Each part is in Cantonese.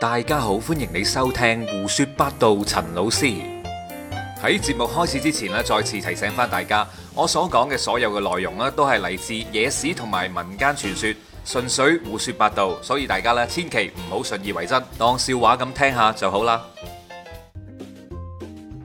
大家好，歡迎你收聽胡說八道。陳老師喺節目開始之前呢，再次提醒翻大家，我所講嘅所有嘅內容呢，都係嚟自野史同埋民間傳說，純粹胡說八道，所以大家呢千祈唔好信以為真，當笑話咁聽下就好啦。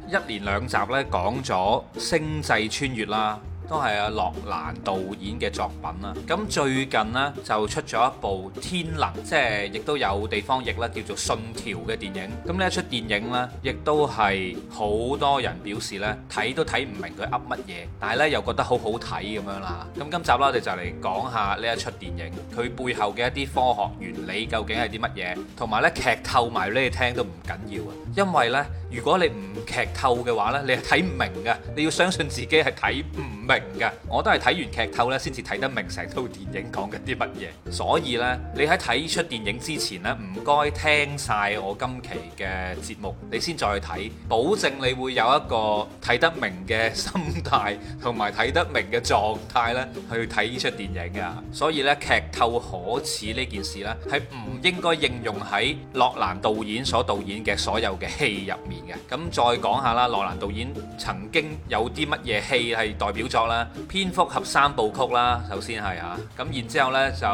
一連兩集呢講咗星際穿越啦。都係阿洛蘭導演嘅作品啦。咁最近呢，就出咗一部《天能》即，即係亦都有地方譯啦，叫做《信條》嘅電影。咁呢一出電影呢，亦都係好多人表示呢，睇都睇唔明佢噏乜嘢，但係呢又覺得好好睇咁樣啦。咁今集啦，我哋就嚟講下呢一出電影，佢背後嘅一啲科學原理究竟係啲乜嘢，同埋呢劇透埋你哋聽都唔緊要啊。因為呢，如果你唔劇透嘅話呢，你係睇唔明嘅。你要相信自己係睇唔。明噶，我都係睇完劇透咧，先至睇得明成套電影講緊啲乜嘢。所以呢，你喺睇出電影之前呢，唔該聽晒我今期嘅節目，你先再睇，保證你會有一個睇得明嘅心態，同埋睇得明嘅狀態咧去睇呢出電影啊。所以呢，劇透可恥呢件事呢，係唔應該應用喺諾蘭導演所導演嘅所有嘅戲入面嘅。咁再講下啦，諾蘭導演曾經有啲乜嘢戲係代表？作咧蝙蝠俠三部曲啦，首先係啊，咁然之後呢，就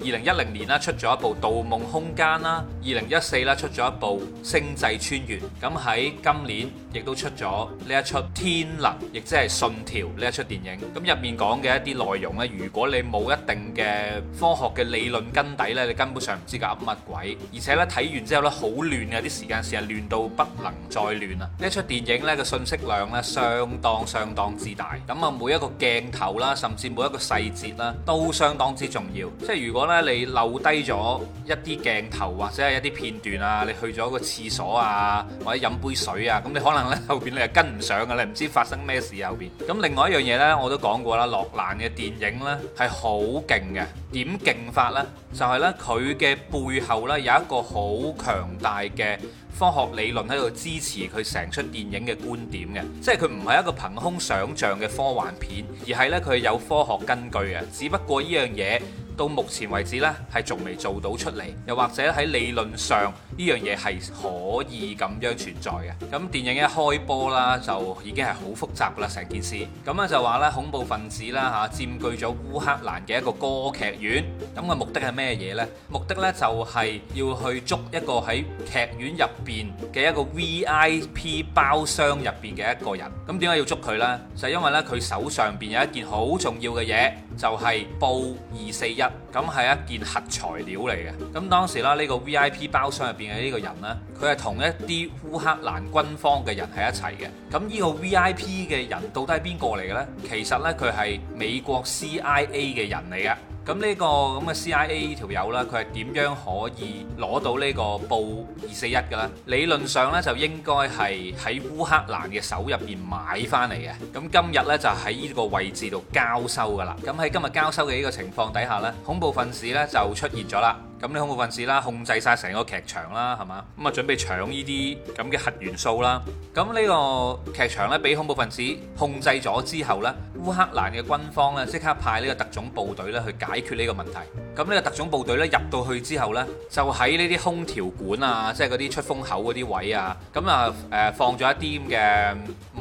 二零一零年啦出咗一部《盜夢空間》啦，二零一四啦出咗一部《星際穿越》，咁喺今年。亦都出咗呢一出《天能》，亦即係信條呢一出電影。咁入面講嘅一啲內容咧，如果你冇一定嘅科學嘅理論根底咧，你根本上唔知佢噏乜鬼。而且咧睇完之後咧好亂啊，啲時間線係亂到不能再亂啊！呢一出電影咧個信息量咧相當相當之大。咁啊每一個鏡頭啦，甚至每一個細節啦，都相當之重要。即係如果咧你漏低咗一啲鏡頭或者係一啲片段啊，你去咗個廁所啊，或者飲杯水啊，咁你可能。後邊你係跟唔上噶你唔知發生咩事後邊。咁另外一樣嘢呢，我都講過啦，諾蘭嘅電影呢係好勁嘅。點勁法呢？就係呢，佢嘅背後呢有一個好強大嘅科學理論喺度支持佢成出電影嘅觀點嘅，即係佢唔係一個憑空想象嘅科幻片，而係呢，佢有科學根據嘅。只不過呢樣嘢。到目前為止呢係仲未做到出嚟，又或者喺理論上呢樣嘢係可以咁樣存在嘅。咁電影一開播啦，就已經係好複雜噶啦，成件事。咁咧就話咧，恐怖分子啦嚇、啊、佔據咗烏克蘭嘅一個歌劇院，咁嘅目的係咩嘢呢？目的呢，就係要去捉一個喺劇院入邊嘅一個 VIP 包廂入邊嘅一個人。咁點解要捉佢呢？就係、因為呢，佢手上邊有一件好重要嘅嘢。就係布二四一，咁係一件核材料嚟嘅。咁當時啦，呢個 V I P 包廂入邊嘅呢個人呢，佢係同一啲烏克蘭軍方嘅人喺一齊嘅。咁呢個 V I P 嘅人到底係邊個嚟嘅呢？其實呢，佢係美國 C I A 嘅人嚟嘅。咁呢個咁嘅 CIA 條友呢，佢係點樣可以攞到呢個布二四一嘅呢？理論上呢，就應該係喺烏克蘭嘅手入邊買翻嚟嘅。咁今日呢，就喺呢個位置度交收㗎啦。咁喺今日交收嘅呢個情況底下呢，恐怖份子呢就出現咗啦。咁呢恐怖分子啦，控制晒成個劇場啦，係嘛？咁啊準備搶呢啲咁嘅核元素啦。咁呢個劇場咧，俾恐怖分子控制咗之後咧，烏克蘭嘅軍方咧即刻派呢個特種部隊咧去解決呢個問題，咁呢個特種部隊咧入到去之後咧，就喺呢啲空調管啊，即係嗰啲出風口嗰啲位啊，咁啊誒放咗一啲咁嘅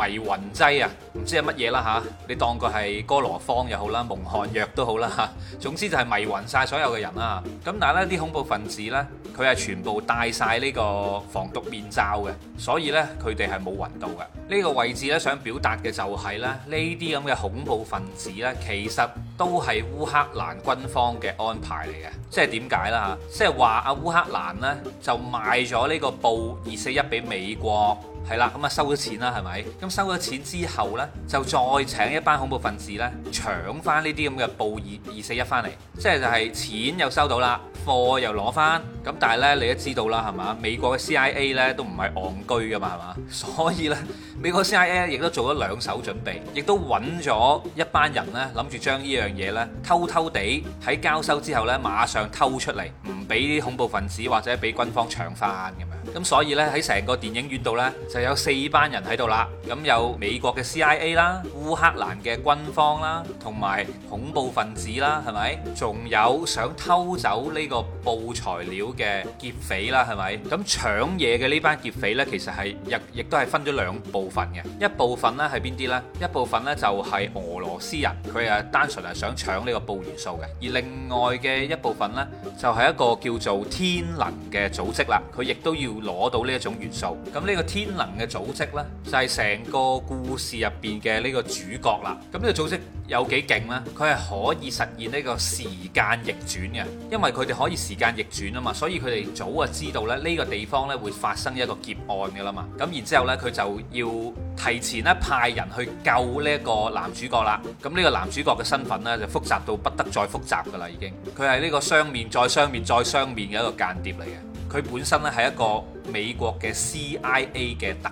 迷魂劑啊，唔知係乜嘢啦吓，你當佢係哥羅芳又好啦，蒙汗藥都好啦嚇，總之就係迷魂晒所有嘅人啦。咁，啊，但係咧。啲恐怖分子呢，佢係全部戴晒呢個防毒面罩嘅，所以呢，佢哋係冇暈到嘅。呢個位置呢，想表達嘅就係呢，呢啲咁嘅恐怖分子呢，其實都係烏克蘭軍方嘅安排嚟嘅。即係點解啦？即係話阿烏克蘭呢，就賣咗呢個布二四一俾美國。係啦，咁啊收咗錢啦，係咪？咁收咗錢之後呢，就再請一班恐怖分子呢，搶翻呢啲咁嘅布爾二四一翻嚟，即係就係錢又收到啦，貨又攞翻。咁但係呢，你都知道啦，係嘛？美國嘅 CIA 呢都唔係戇居噶嘛，係嘛？所以呢，美國 CIA 亦都做咗兩手準備，亦都揾咗一班人呢，諗住將呢樣嘢呢偷偷地喺交收之後呢，馬上偷出嚟。俾恐怖分子或者俾軍方搶翻咁樣，咁所以咧喺成個電影院度咧就有四班人喺度啦，咁有美國嘅 CIA 啦、烏克蘭嘅軍方啦，同埋恐怖分子啦，係咪？仲有想偷走呢個布材料嘅劫匪啦，係咪？咁搶嘢嘅呢班劫匪咧，其實係亦亦都係分咗兩部分嘅，一部分咧係邊啲咧？一部分咧就係俄羅斯人，佢啊單純係想搶呢個布元素嘅，而另外嘅一部分咧就係一個。叫做天能嘅組織啦，佢亦都要攞到呢一種元素。咁呢個天能嘅組織呢，就係、係、成個故事入邊嘅呢個主角啦。咁呢個組織有幾勁呢？佢係可以實現呢個時間逆轉嘅，因為佢哋可以時間逆轉啊嘛，所以佢哋早就知道咧呢、呢個地方咧會發生一個劫案嘅啦嘛。咁然之後呢，佢就要。提前咧派人去救呢個男主角啦，咁、這、呢個男主角嘅身份咧就複雜到不得再複雜噶啦，已經。佢係呢個雙面再雙面再雙面嘅一個間諜嚟嘅，佢本身咧係一個美國嘅 CIA 嘅特。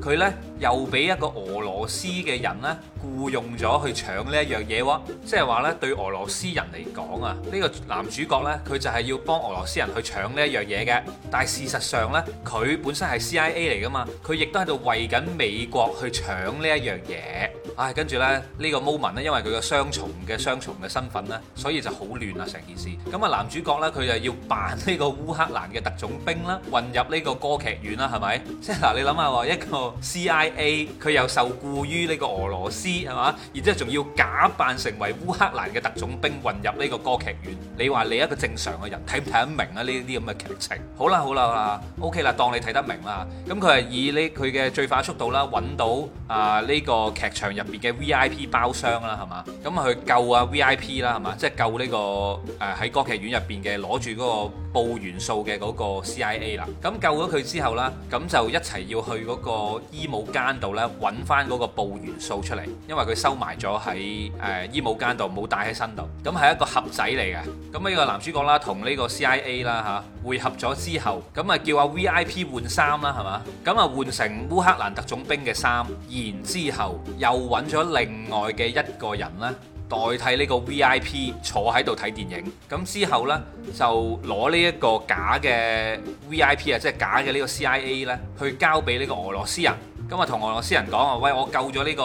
佢呢又俾一個俄羅斯嘅人呢，僱用咗去搶呢一樣嘢喎，即係話呢對俄羅斯人嚟講啊，呢、呢個男主角呢，佢就係要幫俄羅斯人去搶呢一樣嘢嘅，但係事實上呢，佢本身係 CIA 嚟㗎嘛，佢亦都喺度為緊美國去搶呢一樣嘢。唉，跟住呢，呢個 moment 呢，因為佢個雙重嘅雙重嘅身份呢，所以就好亂啊成件事。咁啊男主角呢，佢就要扮呢個烏克蘭嘅特種兵啦，混入呢個歌劇院啦，係咪？即係嗱，你諗下喎，一個 CIA 佢又受雇於呢個俄羅斯係嘛，然之後仲要假扮成為烏克蘭嘅特種兵，混入呢個歌劇院。你話你一個正常嘅人睇唔睇得明啊呢啲咁嘅劇情？好啦好啦好啦，OK 啦，當你睇得明啦。咁佢係以呢佢嘅最快速度啦，揾到啊呢個劇場入入邊嘅 VIP 包廂啦，係嘛？咁去救啊 VIP 啦，係嘛？即係救呢個誒喺歌劇院入邊嘅攞住嗰個，呃布元素嘅嗰個 CIA 啦，咁救咗佢之後啦，咁就一齊要去嗰個衣帽間度呢揾翻嗰個布元素出嚟，因為佢收埋咗喺誒衣帽間度，冇帶喺身度。咁係一個盒仔嚟嘅。咁、這、呢個男主角啦，同呢個 CIA 啦嚇會合咗之後，咁啊叫阿 VIP 換衫啦，係嘛？咁啊換成烏克蘭特種兵嘅衫，然之後又揾咗另外嘅一個人啦。代替呢個 VIP 坐喺度睇電影，咁之後呢，就攞呢一個假嘅 VIP 啊，即係假嘅呢個 CIA 呢，去交畀呢個俄羅斯人。咁啊，同俄羅斯人講啊，喂，我救咗呢個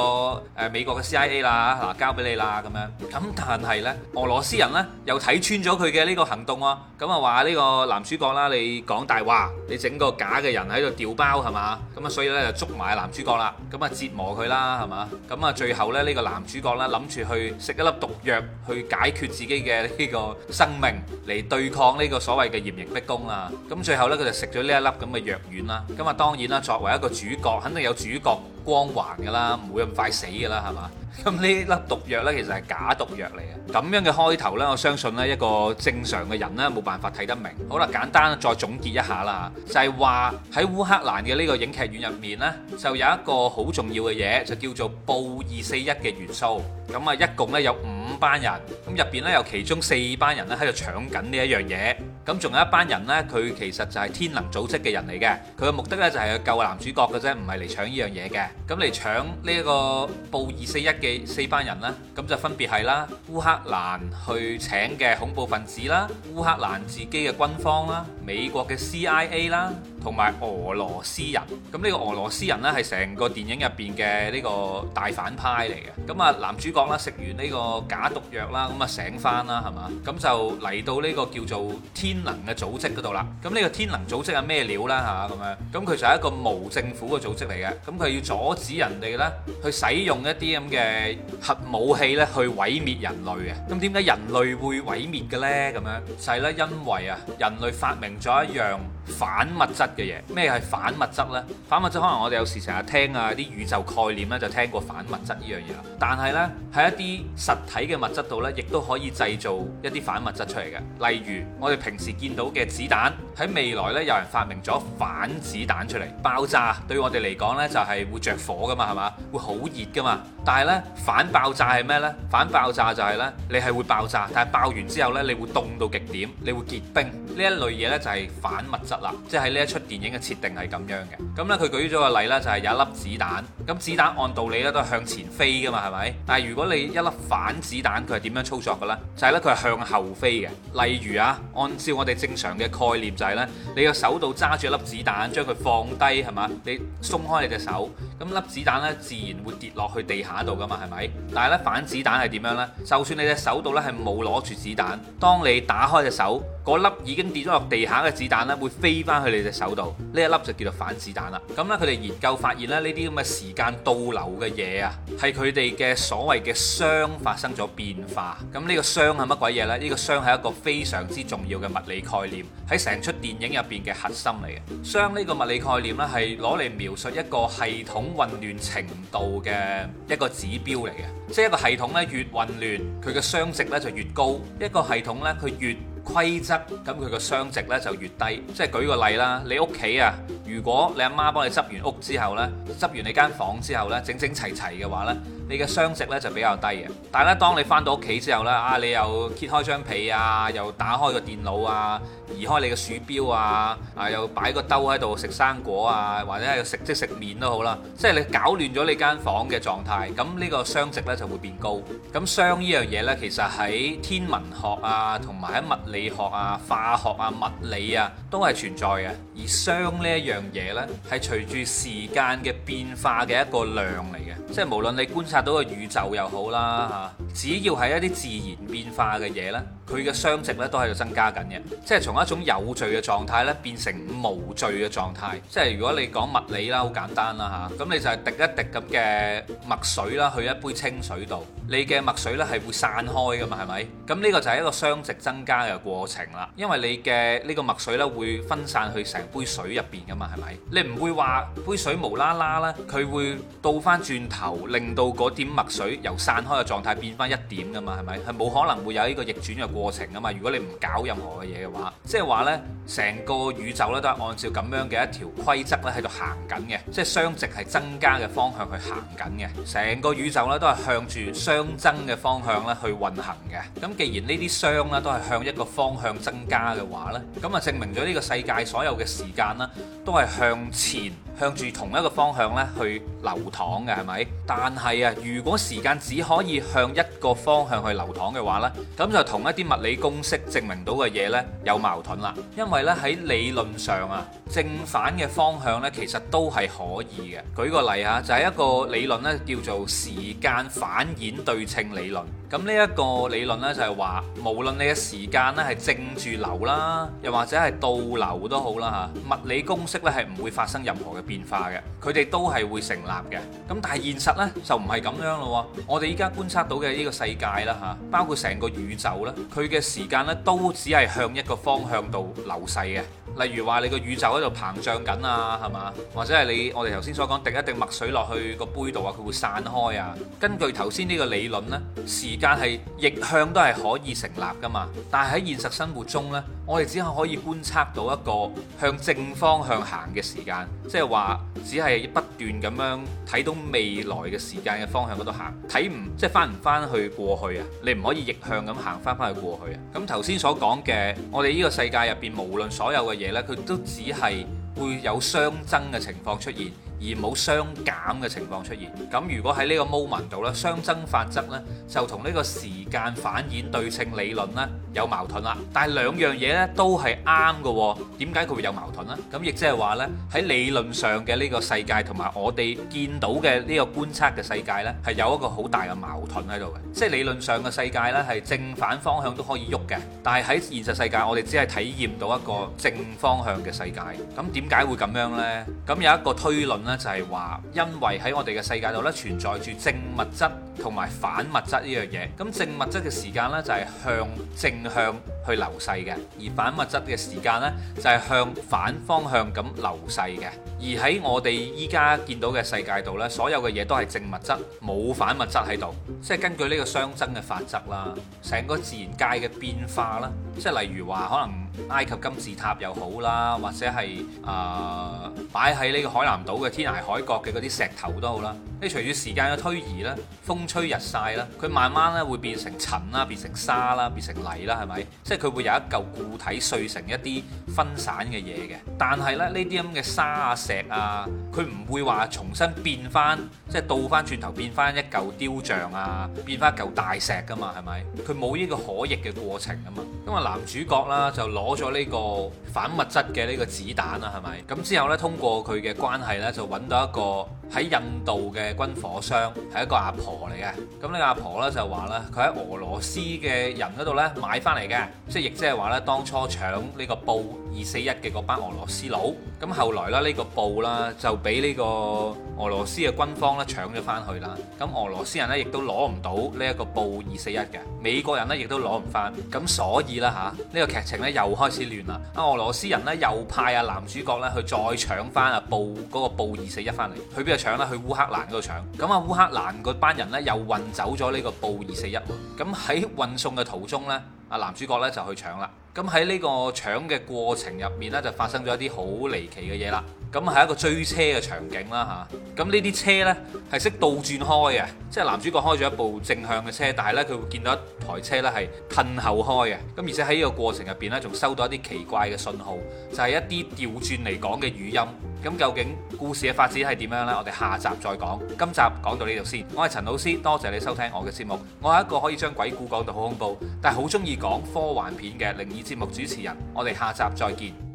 誒美國嘅 CIA 啦，嗱，交俾你啦咁樣。咁但係咧，俄羅斯人咧又睇穿咗佢嘅呢個行動喎。咁啊，話呢個男主角啦，你講大話，你整個假嘅人喺度調包係嘛？咁啊，所以咧就捉埋男主角啦。咁啊，折磨佢啦係嘛？咁啊，最後咧呢個男主角咧諗住去食一粒毒藥去解決自己嘅呢個生命嚟對抗呢個所謂嘅嚴刑逼供啦。咁最後咧佢就食咗呢一粒咁嘅藥丸啦。咁啊，當然啦，作為一個主角，肯定有。主角光環㗎啦，唔會咁快死㗎啦，係嘛？咁呢粒毒藥呢，其實係假毒藥嚟嘅。咁樣嘅開頭呢，我相信呢一個正常嘅人呢，冇辦法睇得明。好啦，簡單再總結一下啦，就係話喺烏克蘭嘅呢個影劇院入面呢，就有一個好重要嘅嘢，就叫做鈽二四一嘅元素。咁啊，一共呢，有五班人，咁入邊呢，有其中四班人呢，喺度搶緊呢一樣嘢，咁仲有一班人呢，佢其實就係天能組織嘅人嚟嘅，佢嘅目的呢，就係去救男主角嘅啫，唔係嚟搶呢樣嘢嘅。咁嚟搶呢一個鈽二四一。四班人啦，咁就分別係啦，烏克蘭去請嘅恐怖分子啦，烏克蘭自己嘅軍方啦。美國嘅 CIA 啦，同埋俄羅斯人，咁呢個俄羅斯人呢，係成個電影入邊嘅呢個大反派嚟嘅。咁啊，男主角啦食完呢個假毒藥啦，咁啊醒翻啦，係嘛？咁就嚟到呢個叫做天能嘅組織嗰度啦。咁呢個天能組織係咩料啦？吓，咁樣，咁佢就係一個無政府嘅組織嚟嘅。咁佢要阻止人哋呢去使用一啲咁嘅核武器呢，去毀滅人類嘅。咁點解人類會毀滅嘅呢？咁樣就係咧，因為啊人類發明咗一樣反物質嘅嘢，咩係反物質呢？反物質可能我哋有時成日聽啊啲宇宙概念咧，就聽過反物質呢樣嘢啦。但係呢，喺一啲實體嘅物質度呢，亦都可以製造一啲反物質出嚟嘅。例如我哋平時見到嘅子彈，喺未來呢，有人發明咗反子彈出嚟，爆炸對我哋嚟講呢，就係會着火噶嘛，係嘛？會好熱噶嘛？但係呢，反爆炸係咩呢？反爆炸就係呢，你係會爆炸，但係爆完之後呢，你會凍到極點，你會結冰呢一類嘢呢。就係反物質啦，即係呢一出電影嘅設定係咁樣嘅。咁呢，佢舉咗個例啦，就係有一粒子彈。咁子彈按道理咧都係向前飛噶嘛，係咪？但係如果你一粒反子彈，佢係點樣操作嘅呢？就係呢，佢係向後飛嘅。例如啊，按照我哋正常嘅概念就係呢：你個手度揸住一粒子彈，將佢放低係嘛？你鬆開你隻手，咁粒子彈呢自然會跌落去地下度噶嘛，係咪？但係呢，反子彈係點樣呢？就算你隻手度呢係冇攞住子彈，當你打開隻手。嗰粒已經跌咗落地下嘅子彈咧，會飛翻去你隻手度。呢一粒就叫做反子彈啦。咁咧，佢哋研究發現咧，呢啲咁嘅時間倒流嘅嘢啊，係佢哋嘅所謂嘅熵發生咗變化。咁呢個熵係乜鬼嘢呢？呢個熵係一個非常之重要嘅物理概念，喺成出電影入邊嘅核心嚟嘅。熵呢個物理概念咧，係攞嚟描述一個系統混亂程度嘅一個指標嚟嘅，即係一個系統咧越混亂，佢嘅熵值咧就越高。一個系統咧佢越規則咁，佢個商值呢就越低，即係舉個例啦，你屋企啊。如果你阿媽幫你執完屋之後呢，執完你間房之後呢，整整齊齊嘅話呢，你嘅熵值呢就比較低嘅。但係咧，當你翻到屋企之後呢，啊，你又揭開張被啊，又打開個電腦啊，移開你嘅鼠標啊，啊，又擺個兜喺度食生果啊，或者係食即食麵都好啦，即係你搞亂咗你間房嘅狀態，咁呢個熵值呢就會變高。咁熵呢樣嘢呢，其實喺天文學啊，同埋喺物理學啊、化學啊、物理啊都係存在嘅。而熵呢一樣。嘢咧，係隨住時間嘅變化嘅一個量嚟嘅。即係無論你觀察到個宇宙又好啦嚇，只要係一啲自然變化嘅嘢呢。佢嘅熵值咧都喺度增加緊嘅，即係從一種有序嘅狀態咧變成無序嘅狀態，即係如果你講物理啦，好簡單啦吓，咁你就係滴一滴咁嘅墨水啦去一杯清水度，你嘅墨水呢係會散開噶嘛，係咪？咁呢個就係一個熵值增加嘅過程啦，因為你嘅呢個墨水呢會分散去成杯水入邊噶嘛，係咪？你唔會話杯水無啦啦啦，佢會倒翻轉頭令到嗰點墨水由散開嘅狀態變翻一點噶嘛，係咪？係冇可能會有呢個逆轉嘅過程。過程啊嘛，如果你唔搞任何嘅嘢嘅話，即係話咧，成個宇宙咧都係按照咁樣嘅一條規則咧喺度行緊嘅，即係熵值係增加嘅方向去行緊嘅，成個宇宙咧都係向住熵增嘅方向咧去運行嘅。咁既然呢啲熵咧都係向一個方向增加嘅話咧，咁啊證明咗呢個世界所有嘅時間啦，都係向前向住同一個方向咧去流淌嘅，係咪？但係啊，如果時間只可以向一個方向去流淌嘅話咧，咁就同一啲。物理公式證明到嘅嘢呢，有矛盾啦，因為呢，喺理論上啊，正反嘅方向呢，其實都係可以嘅。舉個例嚇，就係一個理論呢叫做時間反演對稱理論。咁呢一個理論呢，就係話，無論你嘅時間呢係正住流啦，又或者係倒流都好啦嚇，物理公式呢係唔會發生任何嘅變化嘅，佢哋都係會成立嘅。咁但係現實呢就唔係咁樣咯。我哋依家觀察到嘅呢個世界啦嚇，包括成個宇宙啦。佢嘅時間咧都只係向一個方向度流逝嘅，例如話你個宇宙喺度膨脹緊啊，係嘛？或者係你我哋頭先所講滴一滴墨水落去個杯度啊，佢會散開啊。根據頭先呢個理論呢，時間係逆向都係可以成立噶嘛。但係喺現實生活中呢。我哋只係可以觀察到一個向正方向行嘅時間，即係話只係不斷咁樣睇到未來嘅時間嘅方向嗰度行，睇唔即係翻唔翻去過去啊？你唔可以逆向咁行翻翻去過去啊？咁頭先所講嘅，我哋呢個世界入邊，無論所有嘅嘢呢，佢都只係會有相爭嘅情況出現。而冇相減嘅情況出現。咁如果喺呢個 moment 度咧，熵增法則咧就同呢個時間反演對稱理論咧有矛盾啦。但係兩樣嘢咧都係啱嘅。點解佢會有矛盾咧？咁亦即係話咧喺理論上嘅呢個世界同埋我哋見到嘅呢個觀測嘅世界咧係有一個好大嘅矛盾喺度嘅。即係理論上嘅世界咧係正反方向都可以喐嘅，但係喺現實世界我哋只係體驗到一個正方向嘅世界。咁點解會咁樣咧？咁有一個推論咧。就係話，因為喺我哋嘅世界度咧，存在住正物質同埋反物質呢樣嘢，咁正物質嘅時間呢，就係向正向去流逝嘅，而反物質嘅時間呢，就係向反方向咁流逝嘅。而喺我哋依家見到嘅世界度呢，所有嘅嘢都係正物質，冇反物質喺度。即係根據呢個熵增嘅法則啦，成個自然界嘅變化啦，即係例如話可能埃及金字塔又好啦，或者係啊擺喺呢個海南島嘅天涯海角嘅嗰啲石頭都好啦。你隨住時間嘅推移咧，風吹日曬啦，佢慢慢咧會變成塵啦，變成沙啦，變成泥啦，係咪？即係佢會有一嚿固體碎成一啲分散嘅嘢嘅。但係咧，呢啲咁嘅沙石啊，佢唔會話重新變翻，即係倒翻轉頭變翻一嚿雕像啊，變翻一嚿大石噶嘛，係咪？佢冇呢個可逆嘅過程噶嘛。因為男主角啦，就攞咗呢個反物質嘅呢個子彈啊，係咪？咁之後呢，通過佢嘅關係呢，就揾到一個。喺印度嘅軍火商係一個阿婆嚟嘅，咁、這、呢個阿婆咧就話咧，佢喺俄羅斯嘅人嗰度咧買翻嚟嘅，即係亦即係話咧，當初搶呢個煲。二四一嘅嗰班俄羅斯佬，咁後來啦，呢個布啦就俾呢個俄羅斯嘅軍方咧搶咗翻去啦。咁俄羅斯人咧亦都攞唔到呢一個布二四一嘅，美國人咧亦都攞唔翻。咁所以啦嚇，呢個劇情咧又開始亂啦。啊，俄羅斯人咧又派啊男主角咧去再搶翻啊布嗰個布二四一翻嚟，去邊度搶呢？去烏克蘭嗰度搶。咁啊，烏克蘭嗰班人呢，又運走咗呢個布二四一。咁喺運送嘅途中呢，啊男主角咧就去搶啦，咁喺呢個搶嘅過程入面咧就發生咗一啲好離奇嘅嘢啦。咁係一個追車嘅場景啦嚇，咁呢啲車呢，係識倒轉開嘅，即係男主角開咗一部正向嘅車，但係呢，佢會見到一台車呢係褪後開嘅，咁而且喺呢個過程入邊呢，仲收到一啲奇怪嘅信號，就係一啲調轉嚟講嘅語音。咁究竟故事嘅發展係點樣呢？我哋下集再講，今集講到呢度先。我係陳老師，多謝你收聽我嘅節目。我係一個可以將鬼故講到好恐怖，但係好中意講科幻片嘅靈異節目主持人。我哋下集再見。